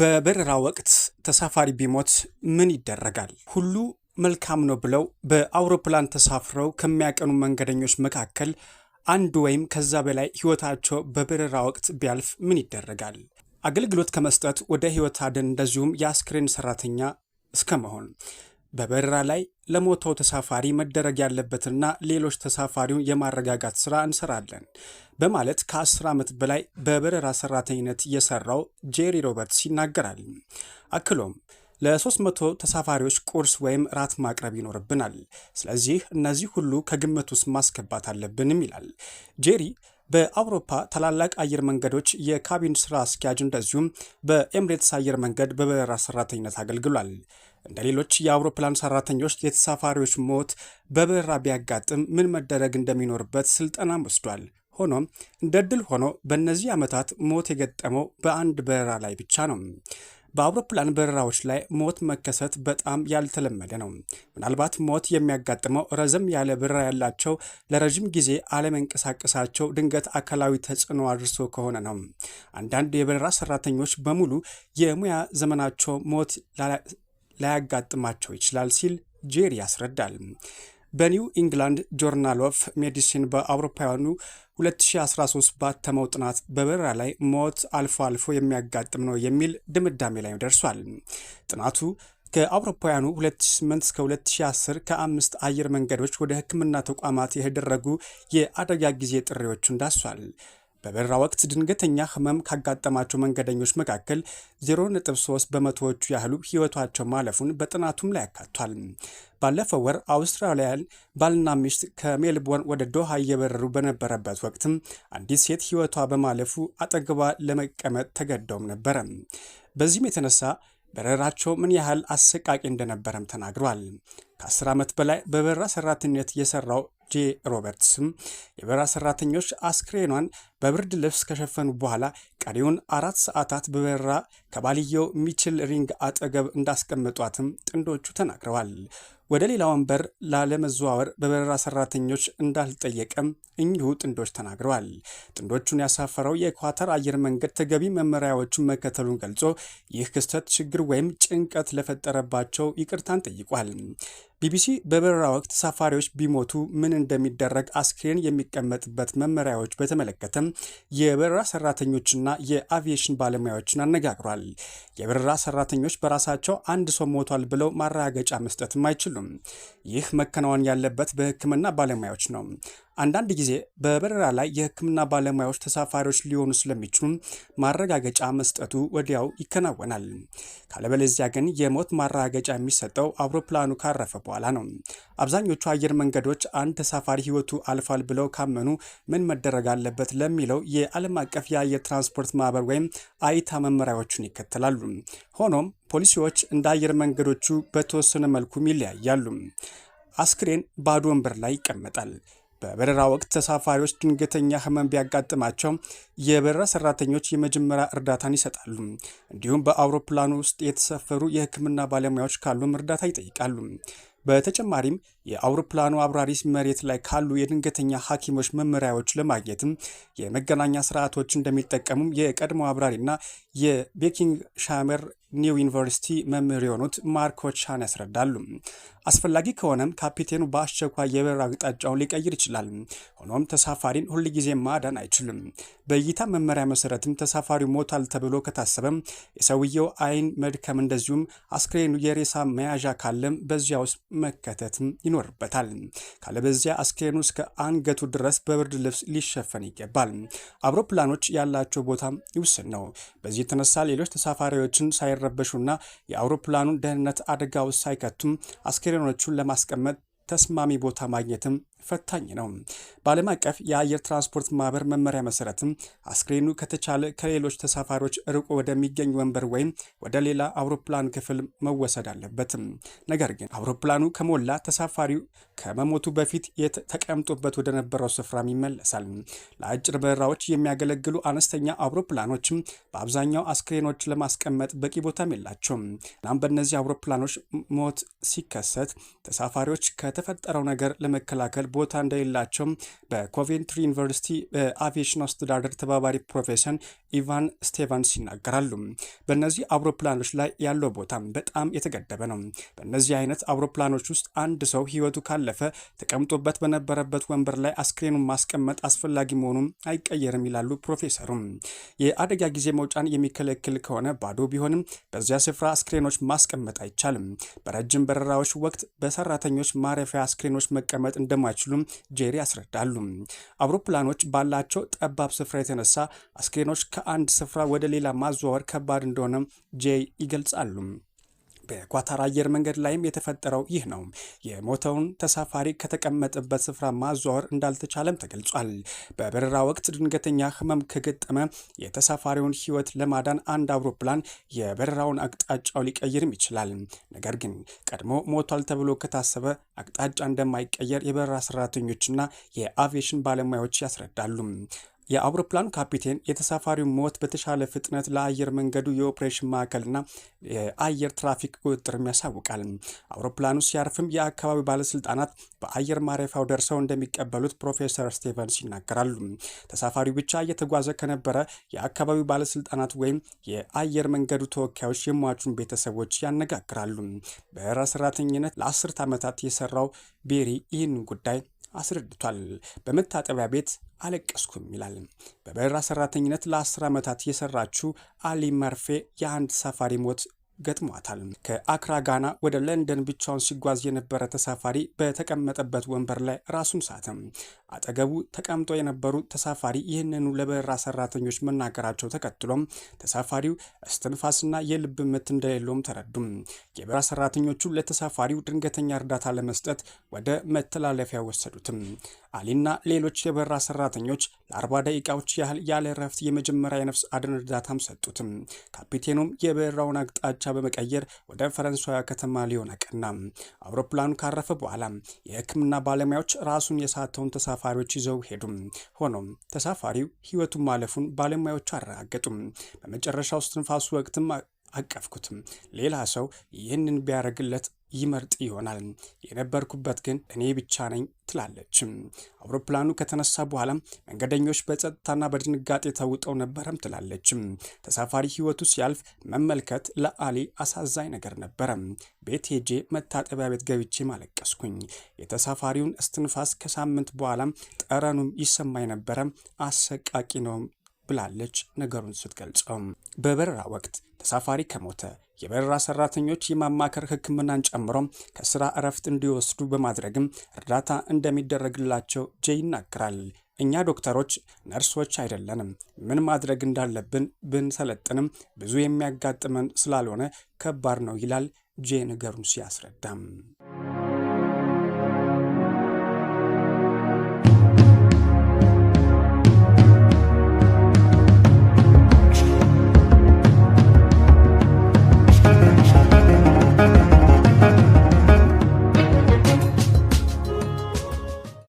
በበረራ ወቅት ተሳፋሪ ቢሞት ምን ይደረጋል? ሁሉ መልካም ነው ብለው በአውሮፕላን ተሳፍረው ከሚያቀኑ መንገደኞች መካከል አንዱ ወይም ከዛ በላይ ህይወታቸው በበረራ ወቅት ቢያልፍ ምን ይደረጋል? አገልግሎት ከመስጠት ወደ ህይወት አድን እንደዚሁም የአስክሬን ሰራተኛ እስከ መሆን በበረራ ላይ ለሞተው ተሳፋሪ መደረግ ያለበትና ሌሎች ተሳፋሪውን የማረጋጋት ስራ እንሰራለን በማለት ከ10 ዓመት በላይ በበረራ ሰራተኝነት የሰራው ጄሪ ሮበርትስ ይናገራል። አክሎም ለ300 ተሳፋሪዎች ቁርስ ወይም ራት ማቅረብ ይኖርብናል። ስለዚህ እነዚህ ሁሉ ከግምት ውስጥ ማስገባት አለብንም ይላል ጄሪ በአውሮፓ ታላላቅ አየር መንገዶች የካቢን ስራ አስኪያጅ እንደዚሁም በኤምሬትስ አየር መንገድ በበረራ ሰራተኝነት አገልግሏል። እንደ ሌሎች የአውሮፕላን ሰራተኞች የተሳፋሪዎች ሞት በበረራ ቢያጋጥም ምን መደረግ እንደሚኖርበት ስልጠናም ወስዷል። ሆኖም እንደ ድል ሆኖ በእነዚህ ዓመታት ሞት የገጠመው በአንድ በረራ ላይ ብቻ ነው። በአውሮፕላን በረራዎች ላይ ሞት መከሰት በጣም ያልተለመደ ነው። ምናልባት ሞት የሚያጋጥመው ረዘም ያለ በረራ ያላቸው ለረዥም ጊዜ አለመንቀሳቀሳቸው ድንገት አካላዊ ተጽዕኖ አድርሶ ከሆነ ነው። አንዳንድ የበረራ ሰራተኞች በሙሉ የሙያ ዘመናቸው ሞት ላያጋጥማቸው ይችላል ሲል ጄሪ ያስረዳል። በኒው ኢንግላንድ ጆርናል ኦፍ ሜዲሲን በአውሮፓውያኑ 2013 ባተመው ጥናት በበረራ ላይ ሞት አልፎ አልፎ የሚያጋጥም ነው የሚል ድምዳሜ ላይ ደርሷል። ጥናቱ ከአውሮፓውያኑ 2008 እስከ 2010 ከአምስት አየር መንገዶች ወደ ሕክምና ተቋማት የተደረጉ የአደጋ ጊዜ ጥሪዎቹን ዳሷል። በበረራ ወቅት ድንገተኛ ህመም ካጋጠማቸው መንገደኞች መካከል 0.3 በመቶዎቹ ያህሉ ህይወታቸው ማለፉን በጥናቱም ላይ ያካቷል ባለፈው ወር አውስትራሊያን ባልና ሚስት ከሜልቦርን ወደ ዶሃ እየበረሩ በነበረበት ወቅትም አንዲት ሴት ህይወቷ በማለፉ አጠገቧ ለመቀመጥ ተገደውም ነበረ። በዚህም የተነሳ በረራቸው ምን ያህል አሰቃቂ እንደነበረም ተናግሯል። ከ10 ዓመት በላይ በበረራ ሰራተኝነት የሰራው ጄ ሮበርትስም የበረራ ሰራተኞች አስክሬኗን በብርድ ልብስ ከሸፈኑ በኋላ ቀሪውን አራት ሰዓታት በበረራ ከባልየው ሚችል ሪንግ አጠገብ እንዳስቀመጧትም ጥንዶቹ ተናግረዋል። ወደ ሌላ ወንበር ላለመዘዋወር በበረራ ሰራተኞች እንዳልጠየቀም እኚሁ ጥንዶች ተናግረዋል። ጥንዶቹን ያሳፈረው የኳተር አየር መንገድ ተገቢ መመሪያዎቹን መከተሉን ገልጾ ይህ ክስተት ችግር ወይም ጭንቀት ለፈጠረባቸው ይቅርታን ጠይቋል። ቢቢሲ በበረራ ወቅት ተሳፋሪዎች ቢሞቱ ምን እንደሚደረግ አስክሬን የሚቀመጥበት መመሪያዎች በተመለከተም የበረራ ሰራተኞችና የአቪዬሽን ባለሙያዎችን አነጋግሯል። የበረራ ሰራተኞች በራሳቸው አንድ ሰው ሞቷል ብለው ማረጋገጫ መስጠትም አይችሉም። ይህ መከናወን ያለበት በህክምና ባለሙያዎች ነው። አንዳንድ ጊዜ በበረራ ላይ የህክምና ባለሙያዎች ተሳፋሪዎች ሊሆኑ ስለሚችሉ ማረጋገጫ መስጠቱ ወዲያው ይከናወናል። ካለበለዚያ ግን የሞት ማረጋገጫ የሚሰጠው አውሮፕላኑ ካረፈ በኋላ ነው። አብዛኞቹ አየር መንገዶች አንድ ተሳፋሪ ህይወቱ አልፏል ብለው ካመኑ ምን መደረግ አለበት ለሚለው የዓለም አቀፍ የአየር ትራንስፖርት ማህበር ወይም አይታ መመሪያዎቹን ይከተላሉ። ሆኖም ፖሊሲዎች እንደ አየር መንገዶቹ በተወሰነ መልኩም ይለያያሉ። አስክሬን ባዶ ወንበር ላይ ይቀመጣል። በበረራ ወቅት ተሳፋሪዎች ድንገተኛ ህመም ቢያጋጥማቸው የበረራ ሰራተኞች የመጀመሪያ እርዳታን ይሰጣሉ። እንዲሁም በአውሮፕላኑ ውስጥ የተሰፈሩ የህክምና ባለሙያዎች ካሉም እርዳታ ይጠይቃሉ። በተጨማሪም የአውሮፕላኑ አብራሪስ መሬት ላይ ካሉ የድንገተኛ ሐኪሞች መመሪያዎች ለማግኘትም የመገናኛ ስርዓቶች እንደሚጠቀሙም የቀድሞ አብራሪና የቤኪንግ ሻመር ኒው ዩኒቨርሲቲ መምህር የሆኑት ማርኮ ቻን ያስረዳሉ። አስፈላጊ ከሆነም ካፒቴኑ በአስቸኳይ የበረራ አቅጣጫውን ሊቀይር ይችላል። ሆኖም ተሳፋሪን ሁልጊዜ ማዳን አይችልም። በእይታ መመሪያ መሰረትም ተሳፋሪው ሞታል ተብሎ ከታሰበም የሰውየው አይን መድከም እንደዚሁም አስክሬኑ የሬሳ መያዣ ካለም በዚያ ውስጥ መከተትም ይኖ ይኖርበታል። ካለበዚያ አስክሬኑ እስከ አንገቱ ድረስ በብርድ ልብስ ሊሸፈን ይገባል። አውሮፕላኖች ያላቸው ቦታ ይውስን ነው። በዚህ የተነሳ ሌሎች ተሳፋሪዎችን ሳይረበሹና የአውሮፕላኑን ደህንነት አደጋ ውስጥ ሳይከቱም አስክሬኖቹን ለማስቀመጥ ተስማሚ ቦታ ማግኘትም ፈታኝ ነው። በዓለም አቀፍ የአየር ትራንስፖርት ማህበር መመሪያ መሰረትም አስክሬኑ ከተቻለ ከሌሎች ተሳፋሪዎች ርቆ ወደሚገኝ ወንበር ወይም ወደ ሌላ አውሮፕላን ክፍል መወሰድ አለበትም። ነገር ግን አውሮፕላኑ ከሞላ ተሳፋሪው ከመሞቱ በፊት ተቀምጦበት ወደነበረው ስፍራም ይመለሳል። ለአጭር በረራዎች የሚያገለግሉ አነስተኛ አውሮፕላኖችም በአብዛኛው አስክሬኖች ለማስቀመጥ በቂ ቦታም የላቸውም። እናም በእነዚህ አውሮፕላኖች ሞት ሲከሰት ተሳፋሪዎች ከ ከተፈጠረው ነገር ለመከላከል ቦታ እንደሌላቸውም በኮቬንትሪ ዩኒቨርሲቲ በአቪዬሽን አስተዳደር ተባባሪ ፕሮፌሰር ኢቫን ስቴቫንስ ይናገራሉ። በእነዚህ አውሮፕላኖች ላይ ያለው ቦታ በጣም የተገደበ ነው። በእነዚህ አይነት አውሮፕላኖች ውስጥ አንድ ሰው ህይወቱ ካለፈ ተቀምጦበት በነበረበት ወንበር ላይ አስክሬኑን ማስቀመጥ አስፈላጊ መሆኑን አይቀየርም ይላሉ ፕሮፌሰሩም። የአደጋ ጊዜ መውጫን የሚከለክል ከሆነ ባዶ ቢሆንም በዚያ ስፍራ አስክሬኖች ማስቀመጥ አይቻልም። በረጅም በረራዎች ወቅት በሰራተኞች ማረፍ ማረፊያ አስክሬኖች መቀመጥ እንደማይችሉም ጄሪ ያስረዳሉ። አውሮፕላኖች ባላቸው ጠባብ ስፍራ የተነሳ አስክሬኖች ከአንድ ስፍራ ወደ ሌላ ማዘዋወር ከባድ እንደሆነ ጄይ ይገልጻሉ። በኳታር አየር መንገድ ላይም የተፈጠረው ይህ ነው። የሞተውን ተሳፋሪ ከተቀመጠበት ስፍራ ማዘዋወር እንዳልተቻለም ተገልጿል። በበረራ ወቅት ድንገተኛ ህመም ከገጠመ የተሳፋሪውን ህይወት ለማዳን አንድ አውሮፕላን የበረራውን አቅጣጫው ሊቀይርም ይችላል። ነገር ግን ቀድሞ ሞቷል ተብሎ ከታሰበ አቅጣጫ እንደማይቀየር የበረራ ሰራተኞችና የአቪዬሽን ባለሙያዎች ያስረዳሉ። የአውሮፕላኑ ካፒቴን የተሳፋሪው ሞት በተሻለ ፍጥነት ለአየር መንገዱ የኦፕሬሽን ማዕከልና የአየር ትራፊክ ቁጥጥርም ያሳውቃል። አውሮፕላኑ ሲያርፍም የአካባቢው ባለስልጣናት በአየር ማረፊያው ደርሰው እንደሚቀበሉት ፕሮፌሰር ስቴቨንስ ይናገራሉ። ተሳፋሪው ብቻ እየተጓዘ ከነበረ የአካባቢው ባለስልጣናት ወይም የአየር መንገዱ ተወካዮች የሟቹን ቤተሰቦች ያነጋግራሉ። በረራ ሰራተኝነት ለአስርት ዓመታት የሰራው ቤሪ ይህን ጉዳይ አስረድቷል። በመታጠቢያ ቤት አለቀስኩም ይላል። በበረራ ሰራተኝነት ለአስር ዓመታት የሰራችው አሊ መርፌ የአንድ ተሳፋሪ ሞት ገጥሟታል። ከአክራ ጋና ወደ ለንደን ብቻውን ሲጓዝ የነበረ ተሳፋሪ በተቀመጠበት ወንበር ላይ ራሱን ሳተም። አጠገቡ ተቀምጦ የነበሩ ተሳፋሪ ይህንኑ ለበረራ ሰራተኞች መናገራቸው ተከትሎም ተሳፋሪው እስትንፋስና የልብ ምት እንደሌለውም ተረዱም። የበረራ ሰራተኞቹ ለተሳፋሪው ድንገተኛ እርዳታ ለመስጠት ወደ መተላለፊያ ወሰዱትም። አሊና ሌሎች የበረራ ሰራተኞች ለአርባ ደቂቃዎች ያህል ያለ እረፍት የመጀመሪያ የነፍስ አድን እርዳታም ሰጡትም። ካፒቴኑም የበረራውን አቅጣጫ በመቀየር ወደ ፈረንሳያ ከተማ ሊዮን አቀና። አውሮፕላኑ ካረፈ በኋላ የሕክምና ባለሙያዎች ራሱን የሳተውን ተሳፋሪ ተሳፋሪዎች ይዘው ሄዱም። ሆኖም ተሳፋሪው ህይወቱን ማለፉን ባለሙያዎቹ አረጋገጡም። ውስጥ እስትንፋሱ ወቅትም አቀፍኩትም። ሌላ ሰው ይህንን ቢያደርግለት ይመርጥ ይሆናል። የነበርኩበት ግን እኔ ብቻ ነኝ ትላለች። አውሮፕላኑ ከተነሳ በኋላ መንገደኞች በጸጥታና በድንጋጤ ተውጠው ነበረም ትላለች። ተሳፋሪ ህይወቱ ሲያልፍ መመልከት ለአሊ አሳዛኝ ነገር ነበረ። ቤት ሄጄ መታጠቢያ ቤት ገብቼ ማለቀስኩኝ። የተሳፋሪውን እስትንፋስ ከሳምንት በኋላ ጠረኑም ይሰማኝ ነበረ። አሰቃቂ ነው ብላለች ነገሩን ስትገልጸው። በበረራ ወቅት ተሳፋሪ ከሞተ የበረራ ሰራተኞች የማማከር ሕክምናን ጨምሮ ከስራ እረፍት እንዲወስዱ በማድረግም እርዳታ እንደሚደረግላቸው ጄ ይናገራል። እኛ ዶክተሮች፣ ነርሶች አይደለንም። ምን ማድረግ እንዳለብን ብንሰለጥንም ብዙ የሚያጋጥመን ስላልሆነ ከባድ ነው ይላል ጄ ነገሩን ሲያስረዳም